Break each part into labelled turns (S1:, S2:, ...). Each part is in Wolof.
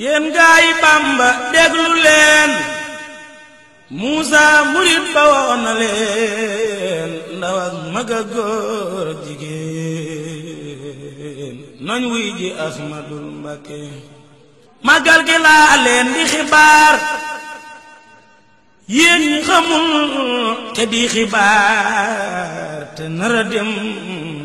S1: yéen gaayi bamba déglu leen muusa murit ba woon leen ndaw ak mag ak góor jigéen nañ wuy ji ahmadul mbakke magal gi laa leen di xibaar yéen xamul te di xibaar te nara dem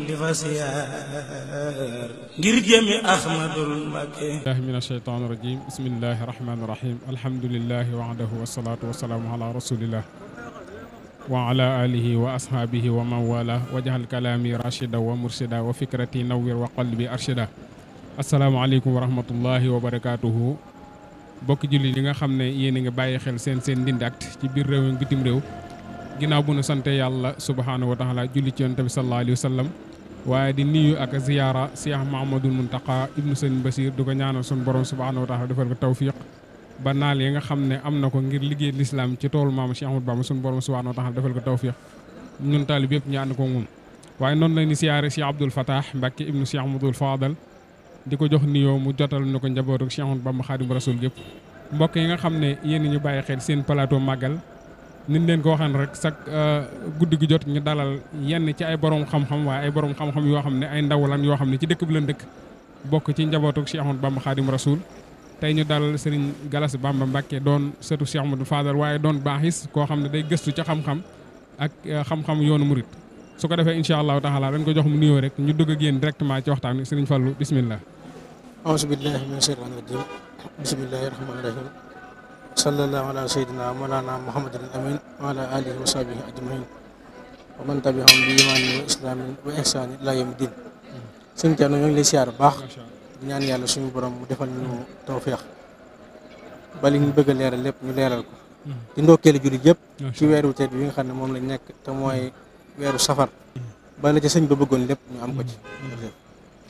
S1: di fa siyaar ngir jëmi ahmadul mbàkke billahi min asheytaan
S2: irajim bismillahi rahmaani rahim alhamdulilahi wahdahu wasalaatu wasalaamu ala rasulillah wa ala alihi wa ashaabihi wa man wala wajahal kalaami rachida wa mursida wa fikrati nawwir wa qalbi arshida asalaamaaleykum wa rahmatullahi wa barakaatuhu bokki julli yi nga xam ne yéen a ngi bàyyi xel seen seen Ndindy Actu ci biir réew bitim réew ginnaaw bu nu sante yàlla subhaanahu wa taala julli waaye di nuyu ak ziyaara Cheikh Mahamadul Muntaqa ibnu Sëriñ Basiir du ko ñaanal sun borom subhaanahu wa taala defal ko tawfiq ba naal yi nga xam ne am na ko ngir liggéey lislaam ci toolu maam Cheikh Ahmadou Bamba sun borom subhaanahu wa taala defal ko tawfiq ñun taalib yëpp ñu ànd ko moom waaye noonu la ni siyaare Cheikh Abdoul Fatah Mbacke ibnu Cheikh Ahmadul Fadal di ko jox nuyoo mu jotal na ko njabootu Cheikh Ahmadou Bamba Xaadimu Rasuul yëpp mbokk yi nga xam ne yéen ñu bàyyi xel seen plateau màggal niñ leen ko waxaan rek sak euh, guddi gi jot ñu dalal yenn ci ay borom xam-xam waaye ay borom xam-xam yoo xam ne ay ndaw lan yoo xam ne ci dëkk bi lan dëkk bokk ci njabootu Cheikh Ahmadou Bamba Khadim Rasoul tey ñu dalal Serigne Gallas Bamba Mbacke doon sëtu Cheikh Ahmadou Fadal waaye doon baaxis koo xam ne day gëstu ca xam-xam ak euh, xam-xam yoonu murit su ko defee incha allahu taala dañ ko jox mu nuyoo rek ñu dugg ak yéen directement ci waxtaan wi Serigne Fallou bisimilah.
S1: auzu billahi mina shaytaani rajim bismillahi rahmaani rahim sallallahu ala sayyidina mawlana muhammadin amin wa ala alihi wa sahbihi ajmain wa man tabi'ahum bi imaanin wa islaamin wa ihsaanin ila yawmi din sëñ Thierno ñoo ngi lay siyaar bu baax di ñaan yàlla suñu boroom mu defal ñu tawféex bali ñu bëgg a leeral lépp ñu leeral ko di ndokkeelu jullit yëpp ci weeru teet bi nga xam ne moom lañu nekk te mooy weeru safar bala ca sëñ ba bëggoon lépp ñu am ko ci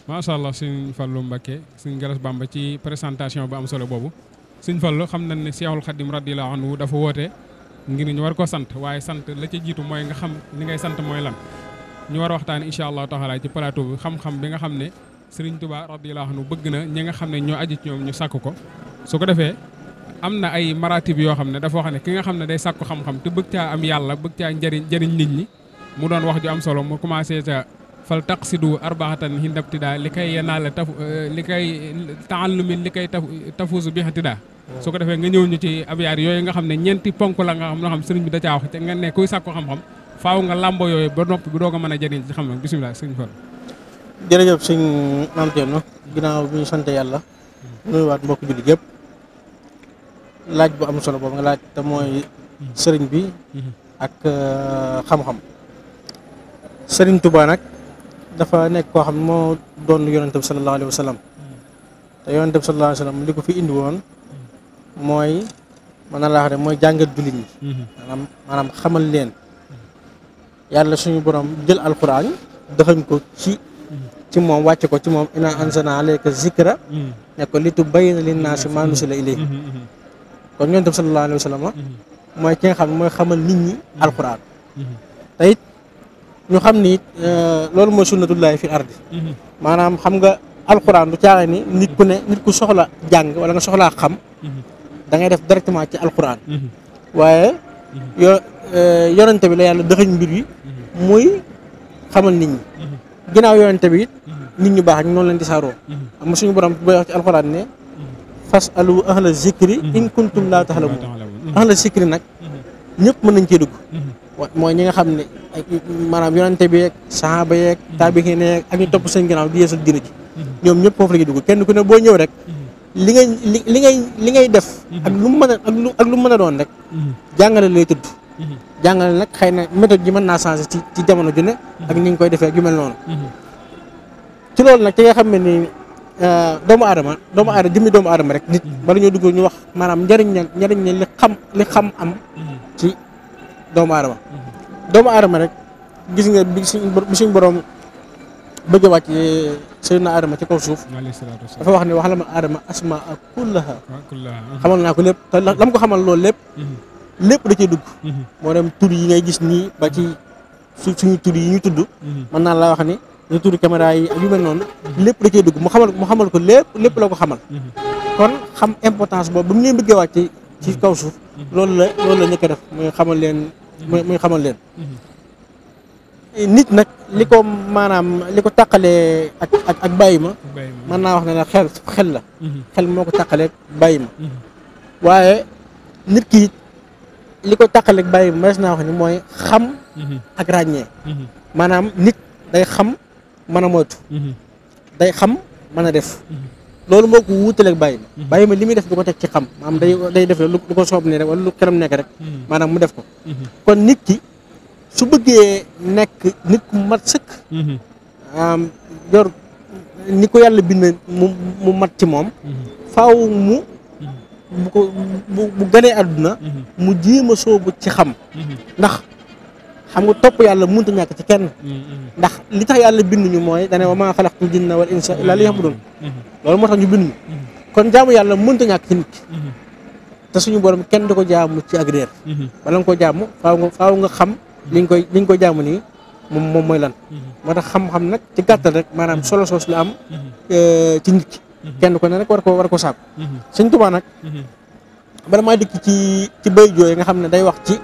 S2: macha allah sëñ Fallou Mbacké sëñ Garas ba ci présentation bu am solo boobu suñ fallu xam nañ ne Cheikhul Khadim radiyallahu anhu dafa woote ngir ñu war ko sant waaye sant la ca jiitu mooy nga xam li ngay sant mooy lan ñu war a waxtaan incha allahu taala ci plateau bi xam-xam bi nga xam ne Serigne Touba radiyallahu anhu bëgg na ñi nga xam ne ñoo aju ci ñoom ñu sàkk ko su ko defee am na ay maratib yoo xam ne dafoo wax ne ki nga xam ne day sàkku xam-xam te bëgg caa am yàlla bëgg caa njariñ njariñ nit ñi mu doon wax ju am solo mu commencé ca fal taqsidu arbaxatan hindabtida li kay yanaala taf li kay taallumi li kay tafuusu bi xatida su ko defee nga ñëw ñu ci abiyaar yooyu nga xam ne ñeenti ponk la nga xam loo sëriñ bi da wax te nga ne kuy sàkku xam-xam faaw nga làmbo yooyu ba noppi bu doog a mën a jëriñ ci xam-xam bisimilah sëriñ Fall
S1: jërëjëf sëñ Maam Thierno ginnaaw sant yàlla nuyuwaat mbokk jullit yëpp laaj bu am solo boobu nga laaj te mooy sëriñ bi ak euh, xam-xam sëriñ Touba nag dafa nekk koo xam ne moo doon yonente bi sallallahu alayhi wa sallam te yonente bi sallallahu alayhi wa li ko fi indi woon mooy mana na laa mooy jàngal jullit ñi mhm. maanaam xamal leen yàlla suñu boroom jël alxuraan dëxañ ko ci ci moom wàcce ko ci moom ina anzalna alayka zikra mhm. ne ko li tubayyina linnaasi maa nuzila ilayhim mhm, kon ñoom tam sallallahu alayhi mooy ki nga xam ne mooy xamal nit ñi alxuraan te it ñu xam ni euh, loolu mooy sunnatullahi fi ardi maanaam xam nga alxuraan du caaxaan ni nit ku ne nit ku soxla jàng wala nga soxlaa xam da ngay def directement ci alquran mhm. waaye mhm. yo eh, yonente bi la yàlla dëxëñ mbir yi mhm. muy xamal nit ñi ginnaaw yonente bi it nit ñu baax ñu noonu leen di saaroo am suñu borom bay wax ci alquran ne fas alu ahla zikri in kuntum laa taxlamun ahla zikri nag ñëpp mën nañ cee dugg mooy ñi nga xam ne maanaam yonente bi yeeg saxaaba yeeg taabixi ne ak ñu topp seen ginnaaw di yeesal diina ji ñoom ñëpp foofu la dugg kenn ku ne boo ñëw rek li ngay li ngay li ngay def. Mhm. ak lu mu mën a lu lu mën a doon rek. Mhm. jàngale lay tudd. Mhm. jàngale nag xëy na méthode yi man naa changé ci ci jamono ju ne. ak ni ñu koy defee ak yu mel noonu. ci loolu nag ci nga xam ne nii euh, doomu aadama doomu aadama jëmmi doomu aadama rek nit bala ñoo dugg ñu wax maanaam njëriñ la njëriñ la li xam li xam am. ci doomu aadama. doomu aadama rek gis nga bi suñ bi suñ borom a wàcc sayyidina Adama ci kaw suuf dafa wax ne wax la ma Adama asma ak kullaha xamal naa ko lépp te lam ko xamal loolu lépp mhm. lépp da cay dugg mhm. moo dem tur yi ngay gis nii ba ci su suñu tur yi ñu tudd man mhm. naa laa wax ni ñu tudd caméra yi ak yu mel noonu lépp da cay dugg mu xamal mu xamal ko lépp lépp la ko xamal kon xam importance boobu ba mu leen bëggee wàcc ci kaw suuf loolu la loolu la ñëkk a def muy xamal leen muy xamal leen nit nag li ko maanaam li ko tàqalee ak ak ak bàyyi ma mën naa wax ne ne xel xel la mhm. xel moo ko tàqalee ak bàyyi ma mhm. waaye nit kii li ko tàqalee ak bàyyi ma mës naa wax ni mooy xam mhm. ak ràññee maanaam nit day xam mën a moytu day xam mën a def loolu moo ko wuutaleeg bàyyi ma bàyyi ma li muy def du ko teg ci xam maanaam day day def lu ko soob nii rek wala lu këram nekk rek maanaam mu def ko kon nit ki su bëggee nekk nit ku mat sëkk. Mhm. yor ko yàlla bind mu mat ci moom. Mhm. faaw mu mhm. bu ko bu àdduna. mu jéem a soobu ci xam. ndax xam nga topp yàlla mënut a ñàkk ci kenn. ndax li tax yàlla bind ñu mooy dane wa maa xalaqtul jinna wal insa illa liya'budun loolu moo tax ñu bind ñu. kon jaamu yàlla mënut a ñàkk ci nit te suñu borom kenn du ko jaamu ci ak réer. bala nga ko jaamu faaw nga xam. liñ koy liñ koy jaamu nii moom moom mooy lan. Mhm. moo tax xam-xam nag ci gàttal rek maanaam mhm. solo soos la am. Mhm. Euh, ci nit ki. kenn ko ne rek war ko war ko saab. Sëñ Tuubaa nag. bala maa dikk ci ci bay jooy nga xam ne day wax ci.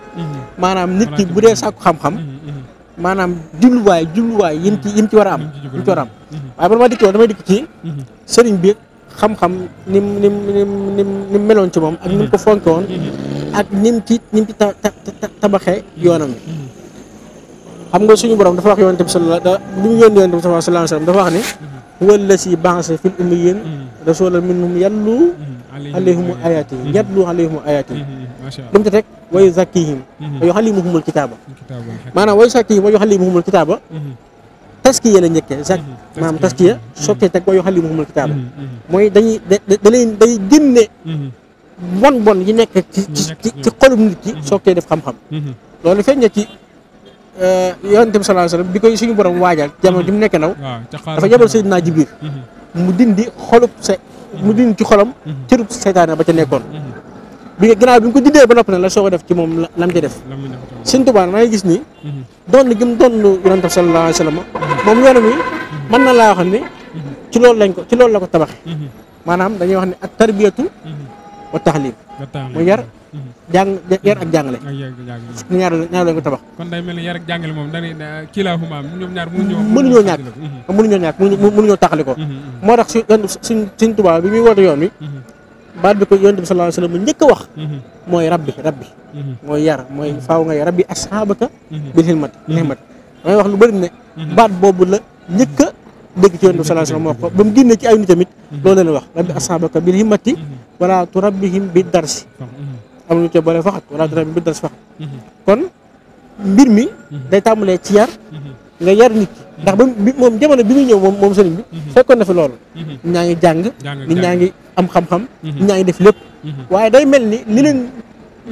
S1: maanaam nit ki bu dee sàkku xam-xam. maanaam jubluwaay jubluwaay yim ci yim ci war a am. yim ci war a am waaye bala dikk ci sëriñ bi. xam-xam nim nim nim meloon ci moom ak nim ko fonke woon ak nim ci nim ta tabaxe yoonam bi xam nga suñu borom dafa wax yonent bi sallallahu alayhi wasallam bi mu yónni yonent bi sallallahu alayhi wasallam dafa wax ni wala si banse fil ummiyin rasulan minhum yallu alayhim ayati
S3: lu mu ci
S1: teg wa yuzakkihim wa yuallimuhumul kitaaba maanaam wa yuzakkihim kitaaba taski yéen a maanaam taskiya mm-hmm. sottee teg wa yuallimuhumul kitaaba mooy dañuy da leen day génne mm-hmm. bon bon yi nekk ci ci ci xolum nit ki mm-hmm. soog def xam-xam loolu feeñ na ci euh, yonent bi sallallahu bi koy suñu borom waajal jamono ji mu nekk ndaw dafa yabal Seydina Jibril mu dindi xolub sa mu dindi ci xolam cërub seytaane ba ca nekkoon bi nga bi nga ko juddee ba noppi na la soo ko def ci moom la mu ci def sëñ Tuubaa maa ngi gis ni mhm. doon gi mu doon yonent bi sallallahu wa sallam moom yoonam yi mën na laa xam mhm. ne ci loolu lañ ko ci loolu la ko tabaxe mhm. maanaam dañuy wax ne ak tarbiyatu wa taxlim mu yar jàng yar ak jàngale ñaar ñaar lañ ko tabax kon
S2: day mel ni yar ak jàngale moom dañuy kii laa xumaam ñoom ñaar mënuñoo ñàkk
S1: mënuñoo ñàkk mënuñoo taxali ko moo tax suñ suñ Tuubaa bi muy woote yoon wi baat bi ko yonent bi sallallahu alayhi wa sallam mu njëkk a wax mhm. mooy rabbi rabbi mhm. mooy yar mooy mhm. faaw nga rabbi asxaabaka bil himmat bil himmat damay wax lu bëri ne baat a dégg ci yonent bi sallallahu wa sallam wax ko ba mu génnee ci ay nit tamit loolu leen wax rabbi asxaabaka bil himmati wala turabbihim bi darsi am lu ci boole faxat wala turabbihim bi darsi faxat kon mbir mi day tàmbalee ci yar nga yar nit ki ndax ba moom jamono bi muy ñëw moom moom bi fekkoon na fi loolu nit ñaa ngi jàng nit ñaa ngi am xam-xam mhm. ñaa ngi def lépp mhm. waaye day mel ni li leen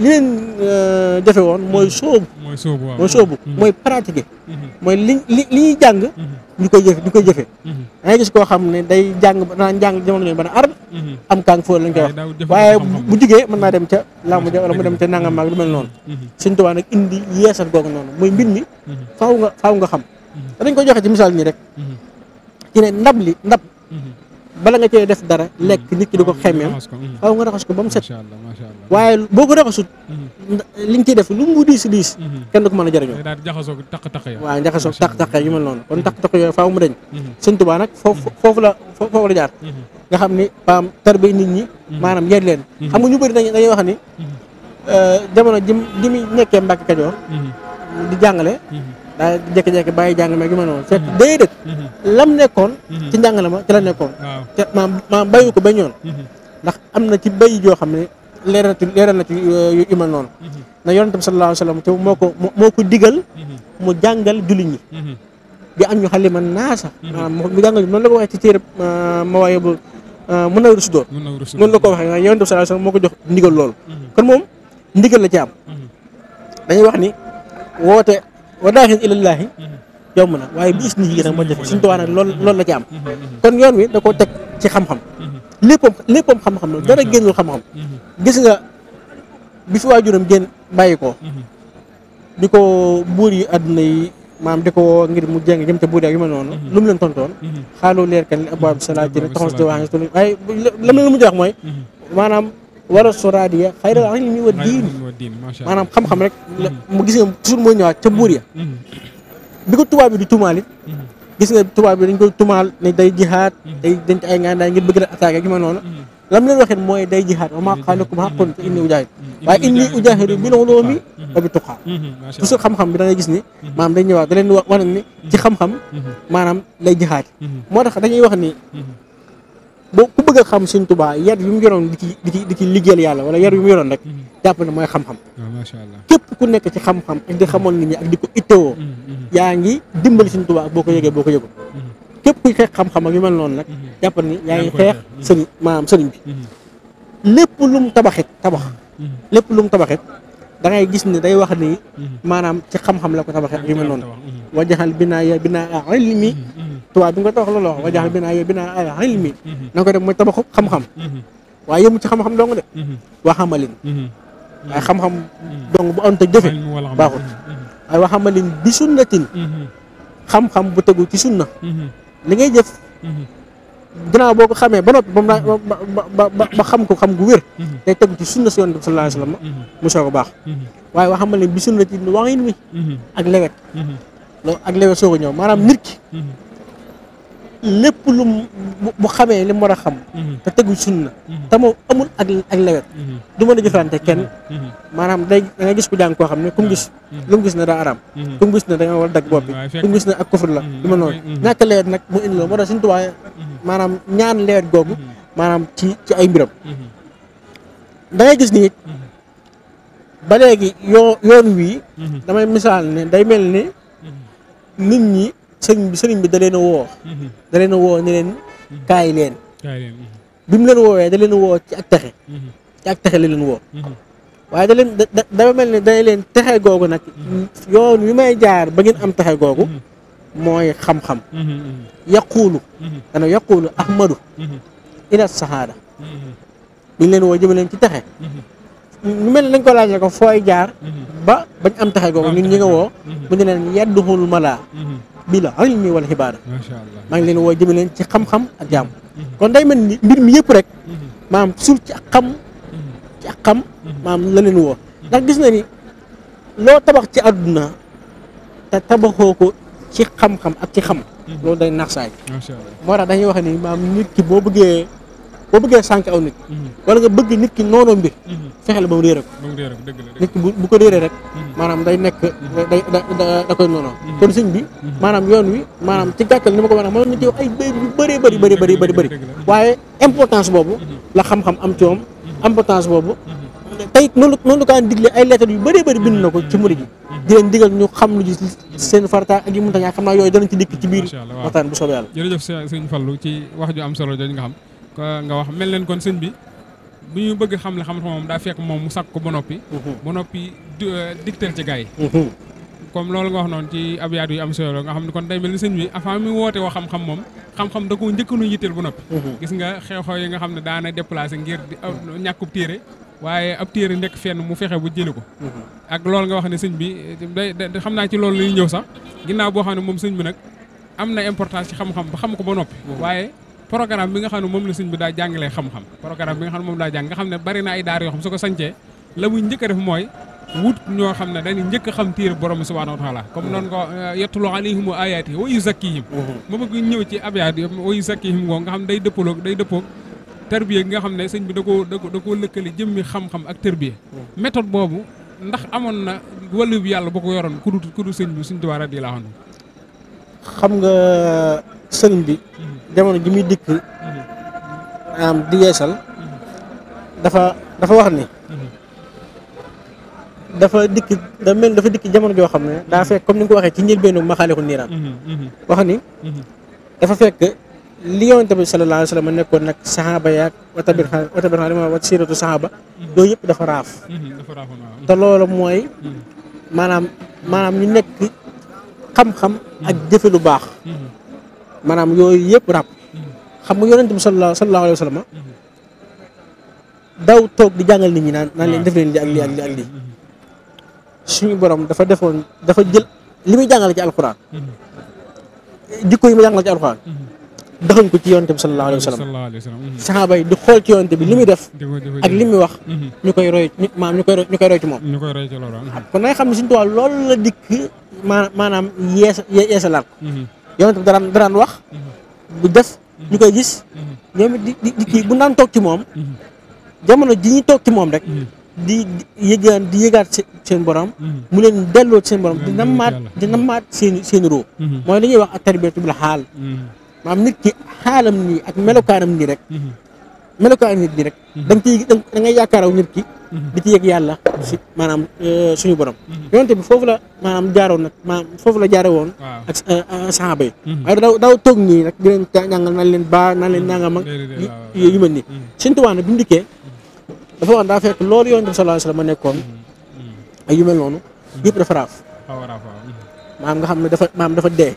S1: li leen euh, woon mhm. mooy sóobu mooy sóobu mooy pratiquer mooy li li li ñuy jàng ñu koy jëfe ñu koy jëfe da ngay gis koo xam ne day jàng naan jàng jamono ñooñu bana arab am kàng foo lañ koy wax waaye bu jigee mën naa dem ca làmb ja wala mu dem ca nangam maag lu mel noonu suñ tubaa nag indi yeesal googu noonu mooy mbir mi faaw nga faaw nga xam danañ joxe ci misaal nii rek ci ne ndab li ndab bala nga cee def dara mm-hmm. lekk nit ki di ko mm-hmm. xemmeem mm-hmm. aw nga raxas ko ba mu set waaye boo ko raxasut li nga ciy def lu mu diis diis kenn du ko mën a jëriñoo
S2: waaw
S1: jaxasoo taq-taq yu mel noonu kon taq-taq yooyu faaw mu dañ sëñ Tuubaa nag foofu la la jaar nga xam ni paam tarbe nit ñi maanaam yar leen xam nga ñu bëri dañuy dañuy wax ni euh, jamono jim nekkee Mbàkke Kajoor di jàngale daa jékki-jékki bàyyi jàng ma gi ma noonu seet mhm. déedéet mhm. lam nekkoon mhm. ci njàngale ma ci la nekkoon te maam ko bañoon ndax am na ci bay joo xam ne leeral na ci leeral na ci euh, yu mel noonu na yonent bi sallallahu alayhi wasallam ko moo ko digal mu jàngal jullit ñi bi am ñu xalima naasa maanaam mu jàngal noonu la ko waxee ci téere ma waaye bu mën na rusu doon noonu la ko waxee yonent bi sallallahu alayhi wasallam moo ko jox ndigal loolu kon moom ndigal la ci am dañuy wax ni woote wa daaxil ilallaahi yomb na waaye bi is nii nag moo jafe suñu tuwaa nag lool loolu la ci am kon yoon wi da koo teg ci xam-xam léppam léppam xam-xam dara génnul xam-xam gis nga bi fi waajuram génn bàyyi ko di ko buur yi àdduna yi maam di ko woo ngir mu jeng jëm ca buur ak yu mel noonu lu mu leen tontoon xaaloo leer kan li abwaab salaati taxons di wax waaye la leen mujj wax mooy maanaam wala suraadiya xayral ilmi wa
S3: diin maanaam
S1: xam-xam rek mu gis nga toujours mooy ñëwaat ca buur ya mm-hmm.
S3: Mm-hmm.
S1: bi ko tubaab bi di tumaal it mm-hmm. gis nga tubaab bi dañ koy tumaal ne day jihaad day denc ay ngànnaay ngir bëgg a attaqué gi ma noonu lam leen waxee mooy day jihaad wa maa qaalakum haqqun fa inni ujaahid waaye inni ujaahidu bil ulumi wa bi tuqaa toujours xam-xam bi da ngay gis ni maanaam day ñëwaat da leen wax ne ci xam-xam maanaam lay jihaad moo tax dañuy wax ni boo ku bëgg a xam Sëñ Tuubaa yar yu mu yoroon di ci di ci di ci liggéeyal yàlla wala yar yu mu yoroon rek mm-hmm. jàpp ne mooy xam-xam
S3: ah,
S1: képp ku nekk ci xam-xam ak di xamoon nit ñi ak di ko ittewoo mm-hmm. Mm-hmm. yaa ngi dimbali Sëñ Tuubaa boo ko yëgee boo ko yëgul képp kuy xeex xam-xam ak yu mel noonu nag jàpp ne yaa ngi xeex sëriñ maanaam sëriñ bi lépp lu mu tabaxit tabax lépp lu mu tabaxit da gis ni day wax ni maanaam ci xam-xam la ko tabaxee ak yu mel noonu wajaxal binaa ya tubaab bi nga ko wax loolu wax bi naa yooyu binaa ala ilmi mhm. na ko def mooy tabaxu xam-xam mhm. waaye yëmu ci xam-xam dong de mhm. waxamalin waaye xam-xam dong bu anta jëfe baaxul waaye waxamalin bi sunnatin xam-xam bu tegu ci sunna li ngay jëf ginnaaw boo xamee ba noppi ba mu ba ba xam ko xam gu wér day tegu ci sunna si yonent bi sallallahu alayhi wa sallam mu soog a baax waaye waxamalin bi sunnatin waxin mi ak lewet loolu ak lewet soog a ñëw maanaam nit lépp lu bu xamee li mu war a xam mhm. te tegu na mhm. te moom amul ak ak mhm. du mën a jëflante kenn maanaam day da nga gis ku jàng koo xam ne ku mu gis lu mu gis ne daa araam ku gis ne da nga war a dagg bopp bi ku mu gis ne ak kufur la du ma noonu ñàkk lewet nag mu indi la moo tax suñu maanaam ñaan lewet googu maanaam ci ci ay mbiram da ngay gis ni ba léegi yoo yoon wii damay misaal ne day mel ni nit ñi sëriñ bi sëriñ bi da leen woo. Mhm. da leen a woo ne leen mhm. kaay leen. kaay leen mhm. bi mu leen woowee da leen a woo ci ak texe. ci ak texe la leen woo. waaye da leen da dafa mel ne day leen texe googu nag. yoon wi may jaar ba ngeen am texe googu. mooy xam-xam. yaquulu. dana yaquulu ahmadu. ila sahaada. bi ñu leen woo jëme leen ci texe. ñu mel ne dañ ko laajee ko fooy jaar. ba bañ am texe googu ñun ñi nga woo. bu ñu leen yadduhul malaa. bil ilmi wal xibaada maa ngi leen woo jëme leen ci xam-xam ak jàmm kon day mel ni mbir mi yëpp rek maam suuf ci ak xam ci ak xam maam la leen woo ndax gis na ni loo tabax ci àdduna te tabaxoo ko ci xam-xam ak ci xam loolu day nax saay moo tax dañuy wax ni maam nit ki boo bëggee boo bëggee sànq aw nit mm-hmm. wala nga bëgg nit ki noonoo mbir mm-hmm. fexeel ba mu réere ko nit ki bu ko réeree rek mm-hmm. maanaam day nekk day da koy noonoo kon sëñ bi maanaam yoon wi maanaam ci gàttal ni ma ko wax mënoon na ci ay boobu la xam-xam am ci moom importance boobu tey noonu noonu la ko daan digle ay lettres yu bëree bëri bind na ko ci murid yi digal ñu xam lu seen farata ak yu mënta ñaa xam naa yooyu danañ ci dikk ci biir waxtaan bu soobee
S2: yàlla jërëjëf sëñ Fallou ci wax ju am solo jooju nga nga wax mel leen kon sëñ bi bu ñu bëgg xam la xam moom daa fekk mu sakk ko ba noppi. Mhm. ba noppi dicteel euh, ci gars
S3: mhm.
S2: loolu nga wax noonu ci abyaat yu am solo nga xam ne kon day mel ni sëñ bi avant mi woote woo xam-xam moom xam da koo njëkk nu yitteel ba noppi. Mhm. gis nga xew-xew yi nga xam ne daana déplacé ngir di ñàkkub téere waaye ab téere nekk fenn mu fexe bu jëli ko. ak loolu nga wax ne sëñ bi day xam naa ci loolu la ñuy ñëw sax ginnaaw boo xam ne moom sëñ bi nag am na importance ci xam-xam ba xam ko ba noppi. waaye programme bi nga xam ne moom la sëñ bi daa jàngalee xam-xam programme bi nga xam ne moom daa jàng nga xam ne bari na ay daar yoo xam su ko sancee la muy njëkk a def mooy wut ñoo xam ne dañuy njëkk a xam téere borom subhaanahu wa taala comme noonu euh, mhm. nga xam ne day sëñ bi da koo da koo lëkkale jëmmi xam-xam ak tarbiya mhm. méthode boobu ndax amoon na wàllu yàlla boo ko yoroon ku du ku du sëñ bi suñ tubaab radiyallaahu anhu
S1: xam nga sëriñ bi mhm. jamono ji muy dikk am di yeesal dafa dafa wax ni dafa dikk da mel dafa dikk jamono joo xam ne daa fekk comme ni ko waxee ci njëlbeenu maxaaliku niiraan wax ni dafa fekk li yonent bi sallallahu alayhi wa sallam nekkoon nag saxaaba yaag wata bi wata bi xalima wat siiratu saxaaba yooyu yëpp dafa raaf te loolu mooy maanaam maanaam ñu nekk xam-xam ak jëfe lu baax maanaam yooyu yëpp ràpp xam nga yonent bi sallallahu alayhi wa sallam toog di jàngal nit ñi naan naan leen def leen lii ak lii ak dafa defoon dafa jël li muy jàngale ci alxuraan jikko yi muy jàngale ci alxuraan doxuñ ko ci yonent bi sallallahu alayhi mhm. di xool ci yonent bi li muy def ak li muy wax mhm. ñu koy roy maam ñu koy ñu koy roy ci moom kon nag xam ne suñu tubaab loolu la dikk maanaam yees yeesalaat yonent bi daraan daraan wax bu def ñu koy gis ñoom it di di kii bu naan toog ci moom jamono ji ñu toog ci moom rek di di yëgaat seen borom mu leen delloo seen borom di nammaat di nammaat seen seen roo mooy li ñuy wax ak tarbiyatu bil xaal mm-hmm. maanaam nit ki xaalam nii ak melokaanam nii rek melokaanu nit bi rek. Mhm. da nga ciy da ngay yaakaaraw nit ki. Mhm. di ci yëg yàlla si mhm. maanaam euh, suñu borom. yonte bi foofu la maanaam jaaroon nag maanaam foofu la jaare woon. ak euh, euh, saxaaba yi. waaye daaw daaw toog nii nag di leen jàngal naan leen baa naan leen nangam ak. yu yu mel nii. Sëñ Tuubaa nag bi mu dikkee dafa wax daa fekk loolu yonte bi sallallahu alayhi wasallam ma nekkoon. ak yu mel noonu. yëpp dafa raaf. maanaam nga xam ne dafa maanaam dafa dee.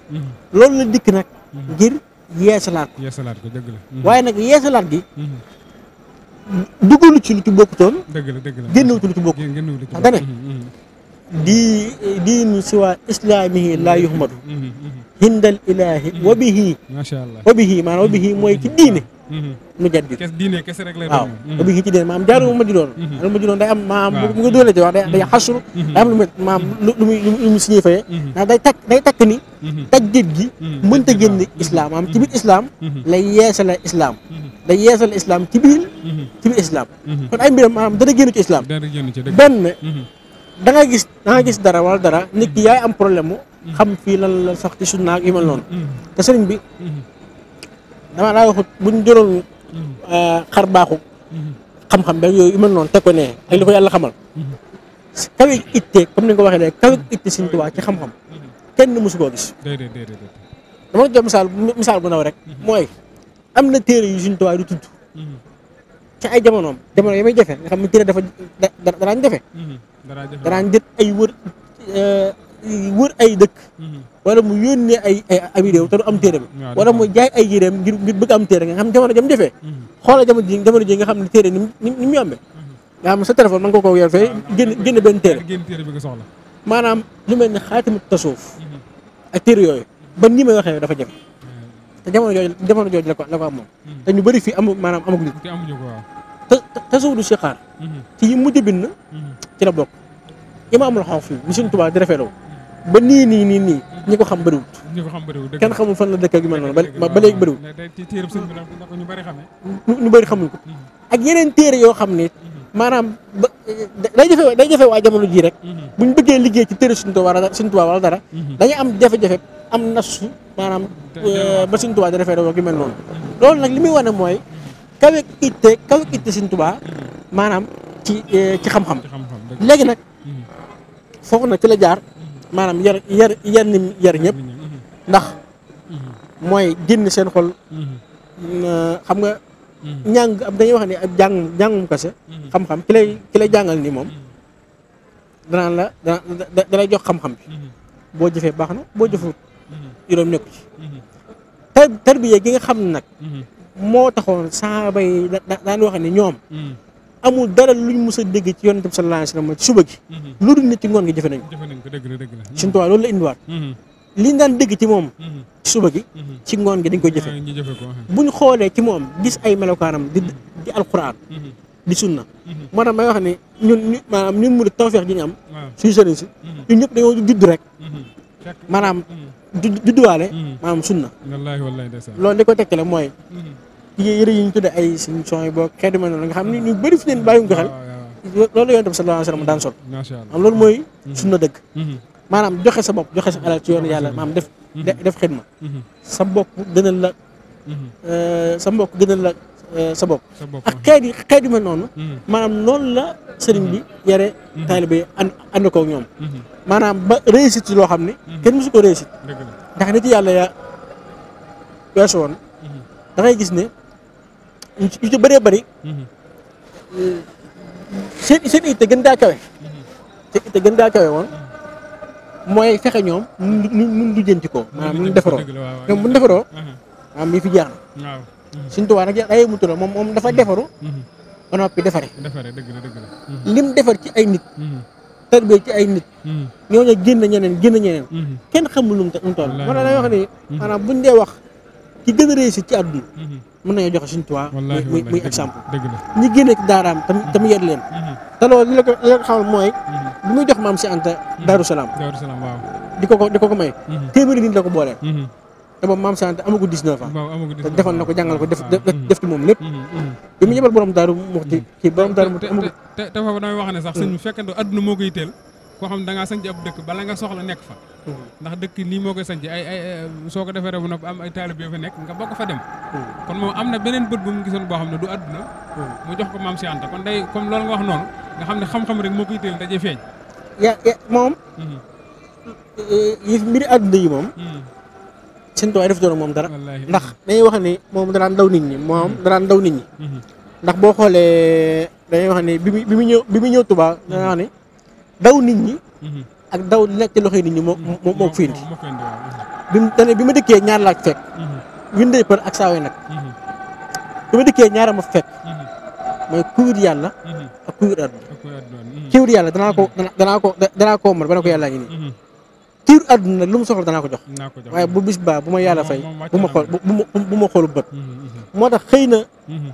S1: loolu la dikk nag ngir. yeesalaat ko yeesalaat ko dëgg la. Mhm. waaye nag yeesalaat gi. Mhm. duggalu ci lu ci bokkutoon. dëgg la dëgg la génnawu ci lu ci bokk. génnawu ci dane mhm, di diinu siwa islaamihi laa yuhmadu hindal ilaahi wa bihi. macha allah wa bihi maanaam wa bihi mooy ci diine.
S2: mujjat bi diine kese rek lay waaw a mm-hmm. bi ngi ci diine
S1: maam jaaru ma di doon al ma di doon day am maam mu nga dóole ci wax day xasur mm-hmm. day am lu mu maam mm-hmm. lu muy lu mu signé fayee ndax day takk day ni taj jét gi mënta génn islam maam ci biir islam lay yeesala islaam day yeesala islaam ci biir ci biir islam kon ay mbiram maam dana génn ci islam benn da nga gis da gis dara wala dara nit ki yaay am problème mu xam fii lan sax ci sunna ak yu mel noonu te sëriñ bi damaa daa waxut buñ jëloon mm-hmm. euh, xar baaxu mm-hmm. xam-xam beeg yooyu yu mel noonu teg ko nee ak yàlla xamal mm-hmm. kawe itte comme ko waxee léegi kawe itte ci xam kenn mosu koo gis dama jox misaal misaal bu ndaw rek mooy am na téere yu Sëñ Tuubaa du tudd ci ay jamonoom jamono yi may jafe nga xam ne téere dafa daraañ jafe daraañ jët ay wër euh, wër ay dëkk wala mu yónnee ay ay ay vidéo te du am wala mu jaay ay yéreem ngir ngir bëgg am téere nga xam jamono jam defee mhm. xoola jamono ji jamono ji nga xam ne téere ni ni mu yombee nga mhm. xam sa téléphone man nga ko yor fee génn génn benn téere maanaam lu mel ne xaatimu tasawuf mhm. ak téere yooyu ba nii may waxee dafa jafe te jamono jooju jamono jooju la ko la ko am moom te ñu bëri fii amu maanaam amaguñu ko te tasawuf du si xaar ci yi mujj na ci la bokk imaamul xaw fii ñu suñ tubaab di rafetloo ba nii nii nii nii ñu ko xam bëriwut. ñi ko xam bëriwut dëgg kenn xamul fan la dëkk ak yu mel noonu ba léegi bëriwut. ci téere sëñ ñu bëri xamee. ñu ko. Mm-hmm. ak yeneen téere yoo xam ne maanaam ba day jafe day jafe waa jamono jii rek. Mm-hmm. buñ bëggee liggéey ci téere suñu tubaab wala suñu wala dara. Mm-hmm. dañuy am jafe am nasu maanaam euh, ba suñu tubaab di defee rek mel noonu. loolu nag li muy wane mooy kawe itte kawe itte maanaam ci euh, ci xam-xam léegi nag foofu nag ci la jaar maanaam yar yar yenn yar ñëpp mhm. ndax mhm. mooy génn seen xol mhm. xam nga ñàng am dañuy wax ne ab jàng jàngum kase xam-xam ki lay ki lay jàngal nii moom danaan la dana jox xam-xam bi boo jëfee baax na boo jëfut juróom nekku ci tarbiya gi nga xam ne nag moo taxoon saaba yi daan wax ne ñoom amul dara lu mës a dégg ci yonent bi sallallahu alayhi wasallam ci suba gi mhm. lu dul ne ci ngoon gi jëfe nañ ko suñu tubaab loolu la indiwaat mhm. Mhm. liñ daan dégg ci moom ci suba gi ci ngoon gi dañ koy jëfe
S3: ah,
S1: buñ xoolee ci moom gis ay melokaanam di di alquran di sunna moo tax may wax ne ñun ñu maanaam ñun murid tawfeex ji ñu am suñu sëriñ si ñun ñëpp dañoo judd rek maanaam judduwaale maanaam sunna loolu li ko tegtale mooy yére yi ñu tuddee ay suñu son yi boog xeetu mel noonu nga xam ni ñu bëri fi leen bàyyiwuñ ko xel loolu la yonent bi mhm. mhm. sa bopp joxe sa alal mhm. sa bopp gënal la euh, sa mbokk euh, sa bopp ak xeet yi xeet yu mel noonu maanaam noonu la sëriñ bi yare taalibe yi ànd ko ñoom maanaam ba réussite ci loo xam ne kenn mësu ko réussite ndax nit yàlla yaa weesu woon da ngay gis ne yu ci bëree bëri mhm. seen seen itte gën daa kawe seen gën daa kawe woon mooy fexe ñoom mun du jënti ko maanaam mun defaroo ñoom mun defaroo mhm. maanaam fi jeex suñ tubaab nag ay mu tudd moom moom dafa defaru mhm. ba noppi defare lim defar ci ay nit tarbee ci ay nit ñooñu génn ñeneen génn ñeneen kenn xamul lu mu toll moo tax dañoo wax ne maanaam buñ dee wax ci gën a si ci àdduna mën nañoo joxe Sëriñ Tuubaa muy muy exemple ñi génne ci daaraam tam tam yar leen mhm. te loolu li la ko li la ko xamal mooy bi mhm. muy jox maam si Anta mhm. Daaru di ko ko di ko ko may téeméeri nit la ko booleel te boobu maam si Anta amagu 19 ans na ko jàngal ko def def ci moom lépp bi mu yebal borom daaru mu wax ci kii borom daaru mu te
S2: te foofu damay wax ne sax sëñ bi fekkante adduna moo koy koo xam ne da ngaa sanc ab dëkk bala nga soxla nekk fa ndax dëkk lii moo koy sanc ay soo ko defee rek bu am ay taalib yoo fa nekk nga bokk fa dem kon moom am na beneen bët bu mu gisoon boo xam ne du àdduna mu jox ko maam si Anta kon day comme loolu nga wax noonu nga xam ne xam-xam rek moo koy téel dajee feeñ
S1: moom hmm. yi mbiri àdduna yi moom hmm. seen def doon moom dara ndax dañuy wax ni moom danaan daw nit ñi moom hmm. danaan daw nit ñi ndax boo xoolee dañuy wax ni bi mu ñëw bi mu ñëw Tuubaa wax ni daw nit ñi. Mhm. ak daw nekk ci loxo yi nit ñi moo mhm. moo moo fi indi. Mhm. bi ma dikkee ñaar laaj fekk. windee për ak saawe nag. bi ma dikkee ñaar ma fekk. mooy kuwir yàlla. ak kuwir àdduna. kiwir yàlla danaa ko danaa ko danaa ko mën ko yàlla ngi nii. lu mu soxla danaa ko jox. waaye bu bis baa bu ma yàlla fay bu ma xool bu ma xoolu bët. moo tax xëy na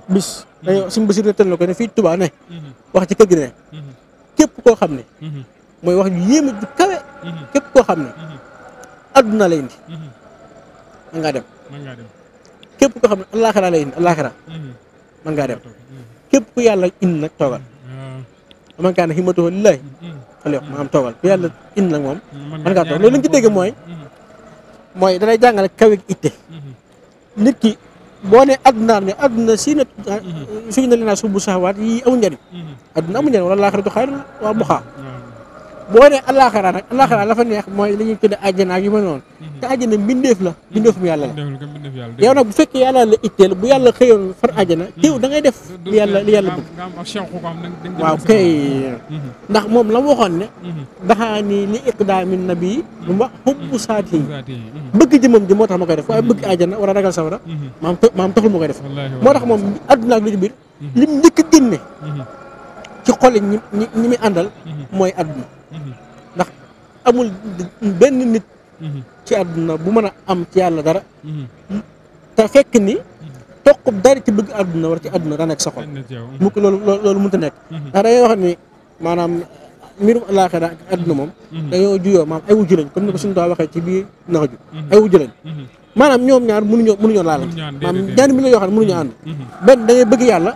S1: bis dañoo suñu bés yi tënk na ne fii Tuubaa ne. wax ci kër ne. képp koo xam ne mhm. mooy wax ñu yéeme ju kawe mhm. képp koo xam ne mhm. adduna lay indi man ngaa dem képp koo xam ne allaaxira lay indi allaaxira man ngaa dem képp ku yàlla indi nag toogal man kaa ne himmatoo lillahi xale wax maanaam toogal ku yàlla indi man ngaa toog loolu lañ dégg mooy mooy dalay jàngale kawe itte nit ki boo ne àdduna ne àdduna si na suñu mhm. uh, na leen a subu saxawaat yi amu njëriñ mhm. àdduna amu njëriñ wala laaxiratu xayr wa bu boo nee àllaaxira nag àllaaxira la fa neex mooy li ñuy tuddee àjjana ak yu mel noonu mhm. te àjjana mbindeef la mbindeef mu yàlla la yow nag bu fekkee yàlla la itteel bu yàlla xëyoon far àjjana mhm. teew dangay def li yàlla li yàlla bëgg
S2: waaw kay mhm.
S1: ndax moom la waxoon ne daxaa nii li iqdaami na bii lu mu wax xubbu saati yi bëgg jëmam ji moo tax ma koy def waaye bëgg àjjana wala ragal sawara maam maam taxul ma koy def moo tax moom àdduna ak lu ci biir lim njëkk génne ci xol ñi ñi muy ndax amul benn nit mhm. ci àdduna bu mën a am ci yàlla dara mhm. te fekk ni toqub dara ci bëgg àdduna war ci àdduna daa nekk sa xol mhm. mu ko loolu loolu mënta nekk ndax dañoo wax ni maanaam mbirum alaaxira ak àdduna moom dañoo juyoo maanaam ay wujju lañ comme ni ko suñu daa waxee ci biir nax ju ay wujju lañ maanaam ñoom ñaar mënuñoo mënuñoo laalante maanaam ñaari mbir la yoo xam ne mënuñoo ànd benn da bëgg yàlla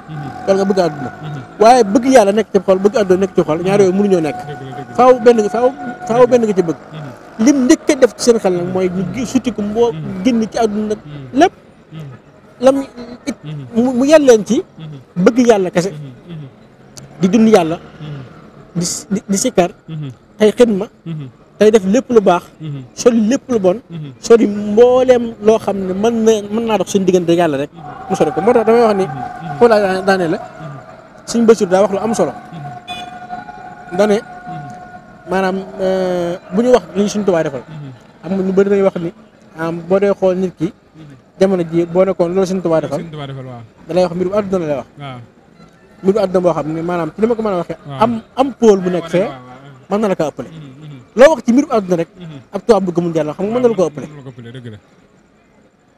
S1: wala nga bëgg àdduna waaye bëgg yàlla nekk ci xol bëgg àdduna nekk ci xol ñaar yooyu mënuñoo nekk faaw benn nga faaw faaw benn nga ci bëgg lim njëkk a def ci seen xel nag mooy ñu suti ko moo génn ci àdduna lépp lam it mu yar leen ci bëgg yàlla kese di dund yàlla di di sikkar tey xidma tey def lépp lu baax sori lépp lu bon sori mbooleem loo xam ne mën na mën naa dox suñu diggante yàlla rek mu sori ko moo tax damay wax ni foo laa daane la sëñ Bachir daa wax lu am solo dane maanaam eh, bu ñu wax li ñu suñ Tuubaa defal am ñu bëri nañu wax ni boo dee xool nit ki jamono ji boo nekkoon loolu suñ Tuubaa
S2: defal
S1: da lay wax mbiru àdduna lay wax mbiru àdduna boo xam ne maanaam ci ma ko mën a waxee am pool pôle nekk fee mën na la ko ëppale mm-hmm, mm-hmm. loo wax ci mbiru àdduna rek mm-hmm. ab tubaab bu gëmul yàlla xam nga mën na la ko ëppale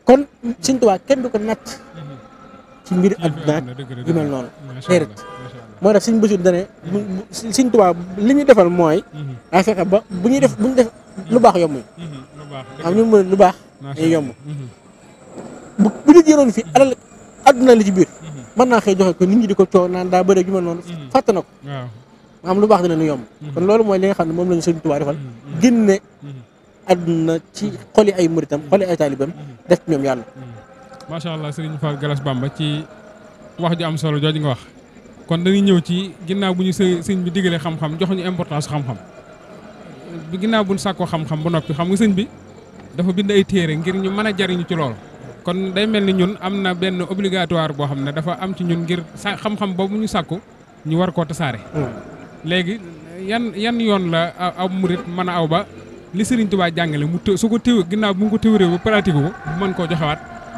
S1: kon suñ Tuubaa kenn du ko natt ci mbir adduna ak yu mel noonu déedéet moo tax suñ bësul dane suñ tubaab li ñu defal mooy mhm. fexe ba bu ñuy def bu ñu lu baax yomb mhm, am ñu mën lu baax day yomb mhm. bu bu ñu jëloon fii alal adduna li ci biir mën naa xëy joxe ko nit ñi di ko coow naan daa bëre ju mel noonu fàtt na ko am lu baax dina nu yomb kon loolu mooy li nga xam ne moom lañu suñ tubaab defal génne adduna ci xoli ay muritam xoli ay taalibam def ñoom yàlla
S2: macha allah sëriñ Fall Galas Bamba ci wax ju am solo jooju nga wax kon dañuy ñëw ci ginnaaw bu ñu sëriñ bi digalee xam-xam jox ñu importance xam-xam bu ba noppi xam nga sëriñ bi dafa bind ay téere ngir ñu mën a jariñu ci loolu. kon day mel ni ñun am na benn obligatoire boo xam ne dafa am ci ñun ngir sa xam-xam boobu ñu sàkku ñu war koo tasaare. léegi yan yan yoon la a aw murit mën a aw ba li sëriñ Tuubaa jàngale mu su ko téw ginnaaw bu ko téwéree ba pratique ko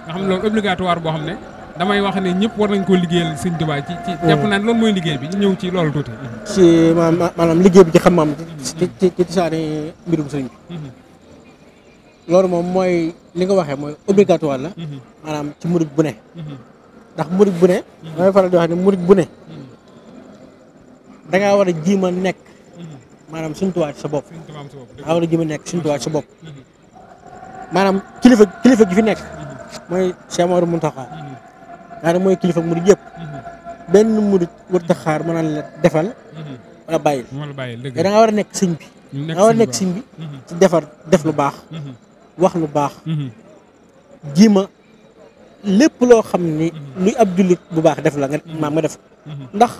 S2: nga xam ne loolu obligatoire boo xam ne damay wax ne ñëpp war nañ koo liggéeyal sëñ Tuubaa ci ci jàpp loolu mooy liggéey bi
S1: ñu ñëw ci loolu tuuti. ci maanaam liggéey bi ci xam-xam ci ci ci tisaane mbirum sëñ bi. Mhm. loolu moom mooy li nga waxee mooy obligatoire la. Mhm. maanaam ci murid bu ne. Mhm. ndax murid bu ne. damay faral di wax ne bu ne. da ngaa war a jiima nekk. maanaam sëñ sa bopp. da ngaa war a jiima nekk sëñ Tuubaa sa bopp. maanaam kilifa kilifa gi fi nekk. mooy Cheikh Mouhamadou Mountakha daa mhm. ne mooy kilifa murid yëpp mhm. benn murid wër ta xaar mën la defal wala mhm.
S2: bàyyil da nga
S1: war a nekk siñ bi da nga war a nekk sëñ bi ci defar def lu baax wax lu baax jiima lépp loo xam ni luy ab jullit bu baax def la nga maam nga def ndax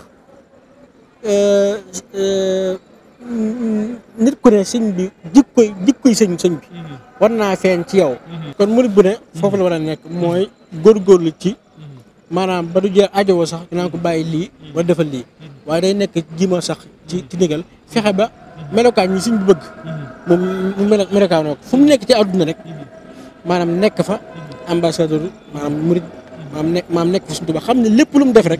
S1: euh, euh, nit ku ne sëñ bi jikkoy jikkoy sëñ sëñ bi mhm. war naa feeñ ci yow mhm. kon murid bu ne mhm. foofu la war a nekk mooy góor góorgóorlu ci maanaam ba du jël ajowoo sax dinaa ko bàyyi lii wala defal lii waaye day nekk jima sax ci ci ndigal fexe ba melokaan yi sëñ bi bëgg moom melokaanoo ko fu mu nekk ci àdduna rek maanaam nekk fa ambassadeur maanaam murid maanaam nekk maanaam nekk fa suñu xam ne lépp lu mu def rek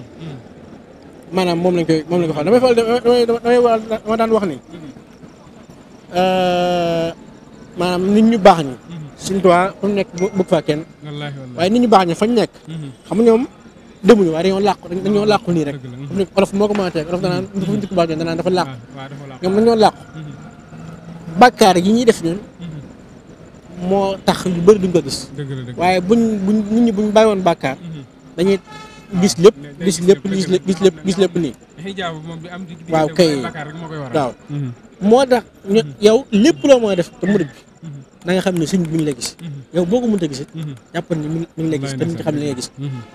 S1: maanaam moom lañ koy moom lañ ko xam damay faral damay damay daan wax ni euh, maanaam nit ñu baax ñi. Mhm. suñu tubaab fu mu nekk bëgg faa kenn. waaye nit ñu baax ñi fañ nekk. Mhm. xam nga ñoom demuñu waaye dañoo làqu dañoo làqu nii rek. dëgg olof moo ko mën a teg olof danaan mhm. fu ñu tukki baax ñoom danaan ah, dafa làqu. ñoom dañoo làqu. bàkkaar yi ñuy def ñun. moo tax yu bëri duñ ko gis. waaye buñ buñ nit ñi buñ bàyyi woon bàkkaar dañuy gis lépp gis lépp gis lépp gis lépp gis lépp nii
S2: waaw kay waaw mhm.
S1: moo tax ñu mhm. yow lépp loo moo def te murid bi da mhm. xam ne suñ bi ngi lay gis yow boo ko mënta gisit jàpp ni mi ngi lay gis te mi xam ne li ngay gis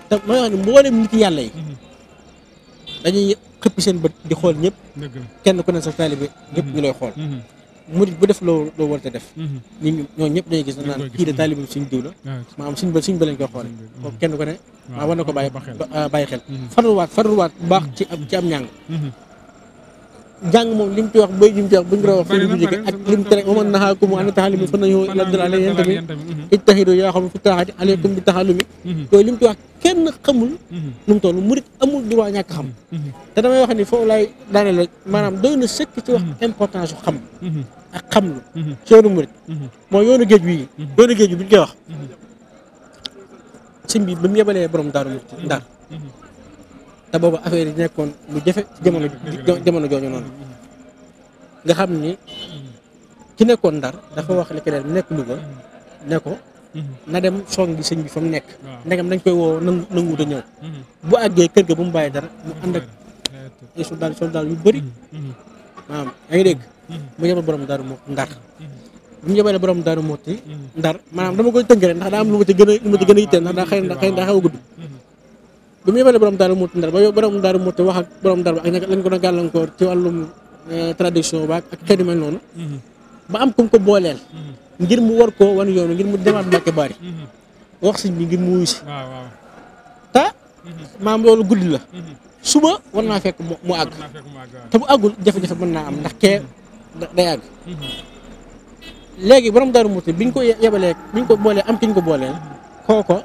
S1: te ma nga xam ne mboolem nit yàlla yi dañuy xëppi seen bët di xool ñëpp kenn ku ne sa taalibe ñëpp ñu lay xool murid bu def loo loo war a def mhm. nit ñëpp dañuy gis na naan kii de taalibam suñ diw la ah, maanaam suñ ba suñ ba mhm. kenn ko ne maa war na ko bàyyi bàyyi xel mhm. farluwaat farluwaat bu baax ci am ci jàng moom li mu ci wax bay li mu ci wax buñ ko wax fii bu jëkke ak li mu tere aman nahaakum an taxalumi fa nañu taxalumi yooyu li mu wax kenn xamul nu mu murit amul droit ñàkk xam te damay wax ni foofu laay daane maanaam doy na sëkk ci wax importance su xam ak xamlu ci mhm. yoonu murit mhm. mooy yoonu géej wi mhm. yoonu géej bi bu ñu koy wax sëñ bi ba mu yebalee borom daaru murit ndar te booba affaire yi nekkoon lu jafe ci jamono jamono jooju noonu nga xam ni ki nekkoon ndar dafa wax ne keneen nekk Louga ne ko na dem song gi sëñ bi fa mu nekk ndegam dañ koy woo nangu nanguwut a ñëw bu àggee kër ga bu mu bàyyi dara mu ànd ak ay yu bëri maanaam yaa ngi dégg mu yebal borom daaru mu ndar bi mu yebalee borom daaru muuti ndar maanaam dama koy tënk rek ndax daa am lu ma ci gën a lu a itteel ndax daa xëy xëy daa xaw a gudd bi mu yebalee borom daaru muuti ndar ba borom daaru muuti wax ak borom ndar ba ak lañ ko doon gàllankoor ci wàllum eh, tradition ba ak xeet yu ba am ku ko booleel ngir mu war ko wan yoonu ngir mu demaat Mbàkke Bari wax sëñ bi ngir mu wuyu si te maam loolu guddi la suba war naa fekk mu àgg te bu àggul jafe-jafe mën naa am ndax day àgg mhm. léegi borom Daaru Muxti biñ ko yebalee biñ ko boolee am kiñ ko boolee kooko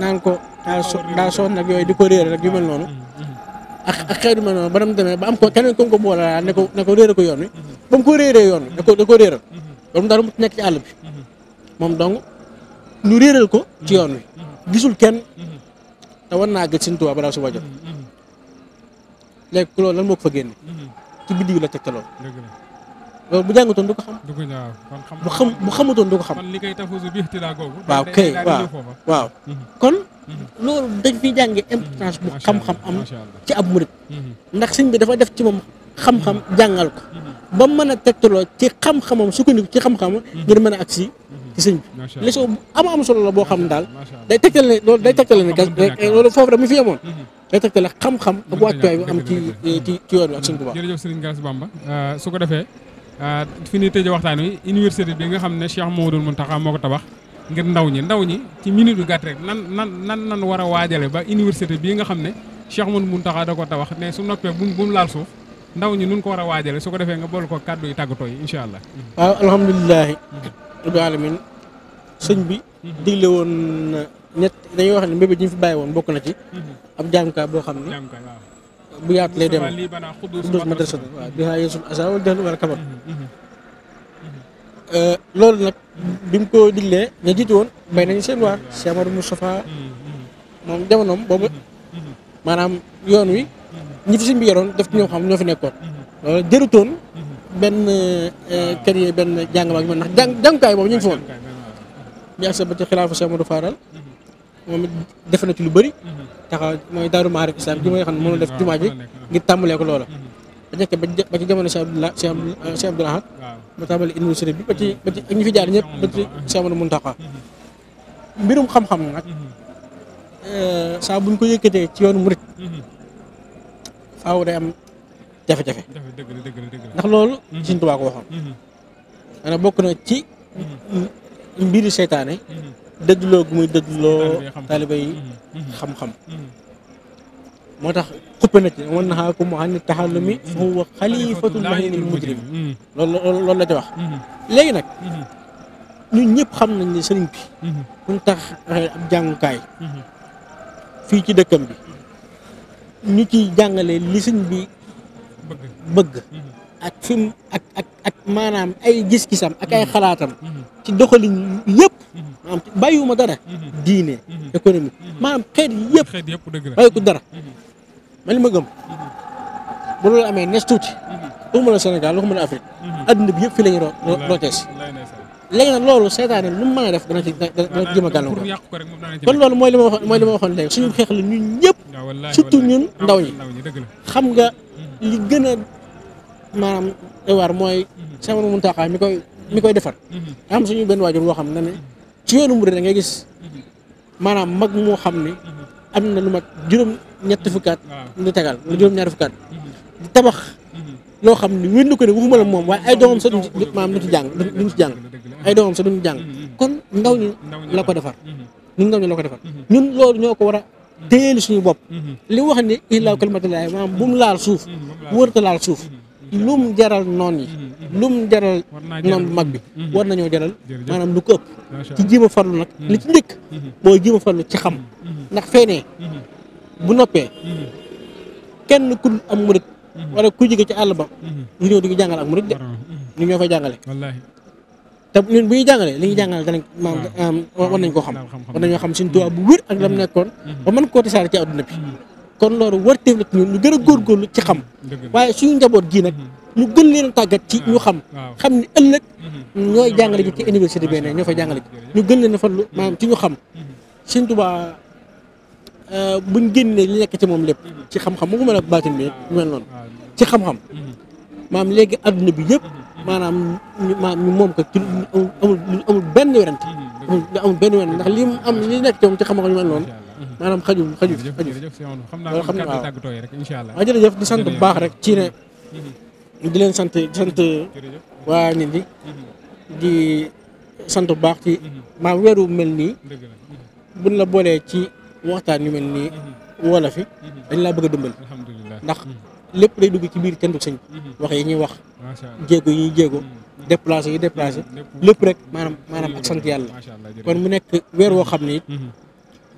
S1: naan ko daa so daa soon nag yooyu di ko réer rek yu mel noonu mhm. ak ak xeetu mel noonu ba mu ko keneen ko ko ko ne ko ko yoon wi mhm. ba mu ko réeree yoon wi da da ko réeral borom Daaru nekk ci àll bi moom dong ñu réeral ko ci yoon wi gisul kenn te war naa gëj Sëñ Tuubaa balaa suba jot léegi loolu lan moo ko fa ci biddiw la tegtaloo loolu bu jàngutoon du ko xam. du ko xam bu xam bu xamutoon du ko xam. kon li koy tafusu bi ixtilaa googu. waaw kay waaw mhm. kon. Mhm. loolu dañ fiy jàngee importance bu xam-xam am ci ab murit mhm. ndax sëñ bi dafa def ci moom xam-xam jàngal ko ba mën a tegtaloo ci xam-xamam xam sukkandiku ci xam-xam ngir mën a agsi ci sëñ bi li soo am am solo la boo xam daal day tegtal loolu day tegtal ne gas loolu foofu da mu fi amoon day tegtal ne xam-xam ak wàccuwaay bu am ci ci ci yoon bi ak sëñ Tuubaa
S2: jërëjëf sëriñ Gass su ko defee Euh, fi ñuy tëjee waxtaan wi université bi nga xam ne Cheikh Mouhamadoul Mountakha moo ko tabax ngir ndaw ñi ndaw ñi ci minute bu gàtt rek nan nan nan nan war a waajale ba université bii nga xam ne Cheikh Mouhamadoul Mountakha da ko tabax ne su noppee bu mu laal suuf ndaw ñi nun ko war a waajale su ko defee nga bool ko kàddu yi tàggatoo yi incha allah.
S1: waaw ah, alhamdulilah rabbil alamin sëñ bi digle woon ñett dañuy wax ne mbébét ñu fi bàyyi woon bokk na ci. Mhm. ab jaamkaay boo xam ne. bu yaatu lay dem xudus madrasat waaw bi haa yeesul asa wala dëxlu wala mm-hmm. Mm-hmm. Euh, loolu nag bi mu ko diglee ña jiitu woon bay nañu seen waar Cheikh Amadou Moustapha mm-hmm. moom jamonoom boobu maanaam yoon wi ñi fi sëñ bi yoroon daf ñoo xam ñoo fi nekkoon loolu jërutoon benn euh, kër yi benn jàng maag man ndax jàng jàngukaay boobu ñu ngi fi woon sa ba ci xilaafu Cheikh Amadou Faral moom it def na ci lu bëri. Mhm. taxaw mooy Daaru Maarif Islam ji mooy xam ne mënul def mhm. jumaa ji ngir tàmbalee ko loola. Mhm. ba njëkk ba ci jamono Cheikh Abdoulaye Cheikh Abdoul Ahad mu tàmbali université bi ba ci ba ci ñi fi jaar ñëpp ba ci Cheikh Amadou Mountakha mbirum xam-xam nag eh, saa buñ ko yëkkatee ci yoonu murit faaw day am jafe-jafe ndax loolu Sëñ Tuubaa ko waxoon ana bokk na ci mbiri seytaane dëggloo gu muy dëggloo taaliba yi mhm, mhm. xam-xam mhm. moo tax xuppe na ci wan naxaakum an taxallumi fa huwa xalifatul lahinil mujrim loolu loolu la ci wax léegi nag ñun ñëpp xam nañ ne sëriñ bi mun tax jàngukaay fii ci dëkkam bi ñu ciy jàngale li bi bëgg ak fim ak ak maanaam ay gis-gisam ak ay xalaatam ci doxalin yëpp bay maanaam ma dara. diine économique maanaam xeet yëpp. xeet yëpp dëgg la dara. man li ma gëm bu loolu amee nees tuuti. waxuma la Sénégal waxuma la Afrique. bi yëpp fii la ñu rootees. léegi nag loolu seetaane lu mu mën def dana ci dana ci a gàllankoor kon loolu mooy li ma waxoon mooy li ma waxoon léegi suñu xeex la ñun ñëpp
S3: surtout ñun ndaw ñi
S1: xam nga li gën a maanaam ewaar mooy sama mhm. Muntaxa mi koy mi koy defar mhm. am suñu benn waajur woo xam ne ne ci yoonu murid da ngay gis maanaam mag moo xam ne am na lu mat juróom-ñetti fukkaat nu tegal lu juróom-ñaari fukkaat mhm. tabax mhm. loo xam ne wér na ko ne waxuma la moom waaye ay doomam sa duñ maanaam duñ ci jàng duñ ci jàng ay doomam sa duñ jàng mhm, kon ndaw ñi la ko defar ñun ndaw ñi la ko defar ñun loolu ñoo ko war a téyeel suñu bopp li wax ne illaa kalimatullaahi maanaam bu mu laal suuf wërta laal suuf lum jaral noon yi mm-hmm, mm-hmm. lum jaral noon bu mag bi mm-hmm. war nañoo jaral maanaam lu ko ëpp ci jéem farlu nag li ci njëkk mooy jéem a farlu ci xam ndax feenee bu noppee kenn ku am murit wala ku jóge ci àll ba ñu ñëw di ñu jàngal ak murit de ñu ñoo fay jàngale te ñun bu ñuy jàngalee li ñuy jàngale danañ maanaam war nañ koo xam war nañoo xam suñu tubaab bu wér ak lam nekkoon ba mën koo tasaare ci àdduna bi kon loolu warteef la ci ñun ñu gën a góor góorgóorlu ci xam waaye suñu njaboot gii nag mhm. ñu gën leen tàggat ci ñu ah, xam xam ni ëllëg mhm. ñooy jàngale gi ci université bi ne ñoo fay jàngale ji ñu gën leen a farlu maanaam ci ñu xam mhm. Sëñ Tuubaa euh, buñ génnee li nekk ci moom lépp ci xam-xam mu ngi mën a baatin bi mel noonu ah, ci xam-xam maanaam léegi adduna bi yëpp maanaam maanaam ñu moom ko ci lu amul amul benn werante amul benn werante ndax li mu am ñu nekk ci moom ci xam-xam ñu mel noonu maanaam xajul xajul xajul loolu xam naa waaw jërëjëf di sant bu baax rek ci ne mm-hmm. di leen sant di sant waa nit mm-hmm. di sant bu baax ci mm-hmm. maam weeru mel nii buñ la boolee ci waxtaan yu mel nii wala fi dañ laa bëgg a dëmbal ndax lépp day dugg ci biir kentu sëñ wax yi ñuy wax jéego yi ñuy jéego déplacé yi déplacé lépp rek maanaam maanaam ak sant yàlla kon mu nekk weer woo xam ni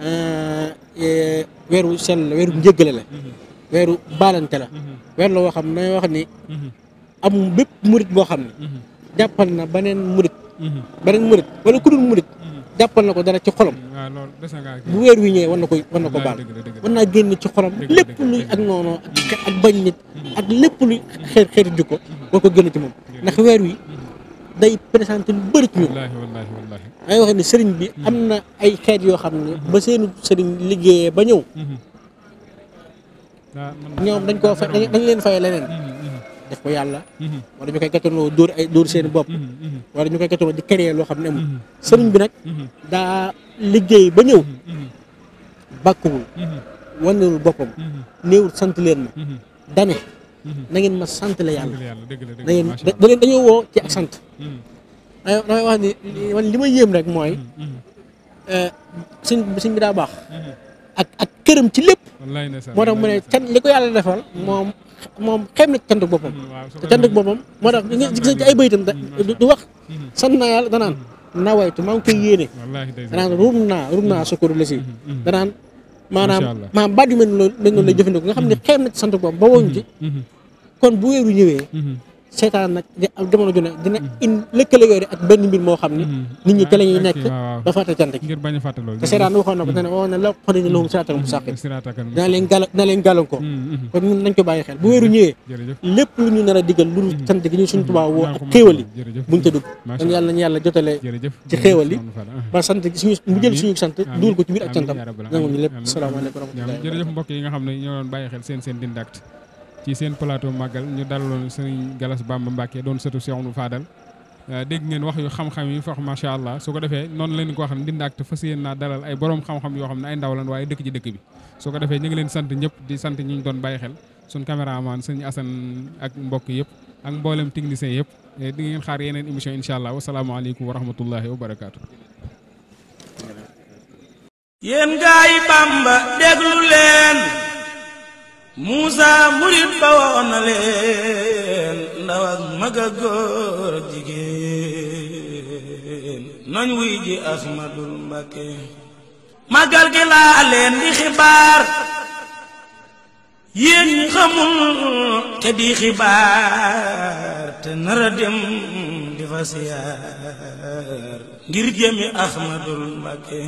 S1: Euh, euh, weeru sell la weeru njëggale la mhm. weeru baalante la mhm. weer la woo xam ne wax ni mhm. amul bépp murit boo xam ne jàppal na beneen murit beneen murit wala ku dul murit jàppal na ko dara ci xolam bu weer wi ñëwee war na ko war na ko baal war naa génn ci xolam lépp luy ak noonoo ak bañ nit ak lépp luy xeer xeeri jukko war ko génn ci moom ndax weer wi day présenté lu bëri ci ñun.
S2: wallaahi
S1: ay wax ni bi hmm. am na ay xeet yoo xam ne. ba seenu sëriñ liggéeyee ba ñëw. Hmm. Ah, ñoom dañ koo fay dañ leen fay leneen. Hmm, def ko yàlla. wala ñu koy gàttaloo dóor ay dóor seeni bopp. wala ñu koy gàttaloo di créer loo xam ne amul. sëriñ bi nag. daa liggéey ba ñëw. bàkkuwul. wanewul boppam. néewul sant leen ma. dane na ngeen ma sant la yàlla na ngeen dangeen dañoo woo ci ak sant mm. damay wax ni li ma yéem rek mooy mm, mm. Eh, sëñ sëñ bi daa baax ak ak këram ci lépp
S3: moo tax mu ne
S1: can li ko yàlla defal moom moom xeem na ci cantuk boppam te cantuk boppam moo tax nga gis ci ay bëytam du wax sant naa yàlla danaan nawaytu maa ngi koy yéene danaan ruum naa ruum naa sukkur la si danaan maanaam maanaam baat yu mel noonu mel noonu lay mm-hmm. jëfandikoo nga xam ne mm-hmm. xeem na ci ko boobu ba woñ ci mm-hmm. kon bu wéeru ñëwee seetaan nag jamono ju ne dina mm. in lëkkale yooyu ak benn mbir moo xam ne mm. nit ñi te la ñuy nekk ba fàtte cant gi a fàtte loolu te seytaan waxoon na ko ne waxoon na la xodini loolu siraatal mm. mustaqiim dina leen gàll dina bàyyi xel bu wéeru ñëwee lépp lu ñu nar a digal lu cant gi ñu suñ woo ak xéewal yi buñ ca dugg suñu sant dugal ko ci biir ak cantam nangu ñu lépp asalaamaaleykum wa
S2: mbokk yi nga xam ne ñoo doon bàyyi xel seen seen Dakhte ci seen plateau màggal ñu dalaloon sëriñ Galas Bamba Mbacke doon sëtu Cheikhoul Fadal euh, dégg ngeen wax yu xam-xam yi fax macha allah su ko defee noonu lañ ko wax ne Ndindy Actu fas naa dalal ay borom xam-xam yoo xam ne ay ndaw waaye dëkk ci dëkk bi su ko defee ñu ngi euh, ngeen xaar yeneen émission incha allah wasalaamaaleykum wa rahmatullahi wa barakaatu.
S1: yéen gaay Bamba déglu leen. Moussa murit ba woon na leen ndaw ak mag ak jigéen nañ wuy ji Ahmadul Mbakke màggal gi laa leen di xibaar yéen ñi te di xibaar te nar dem di fa
S3: siyaar
S1: ngir jëmi Ahmadul Mbakke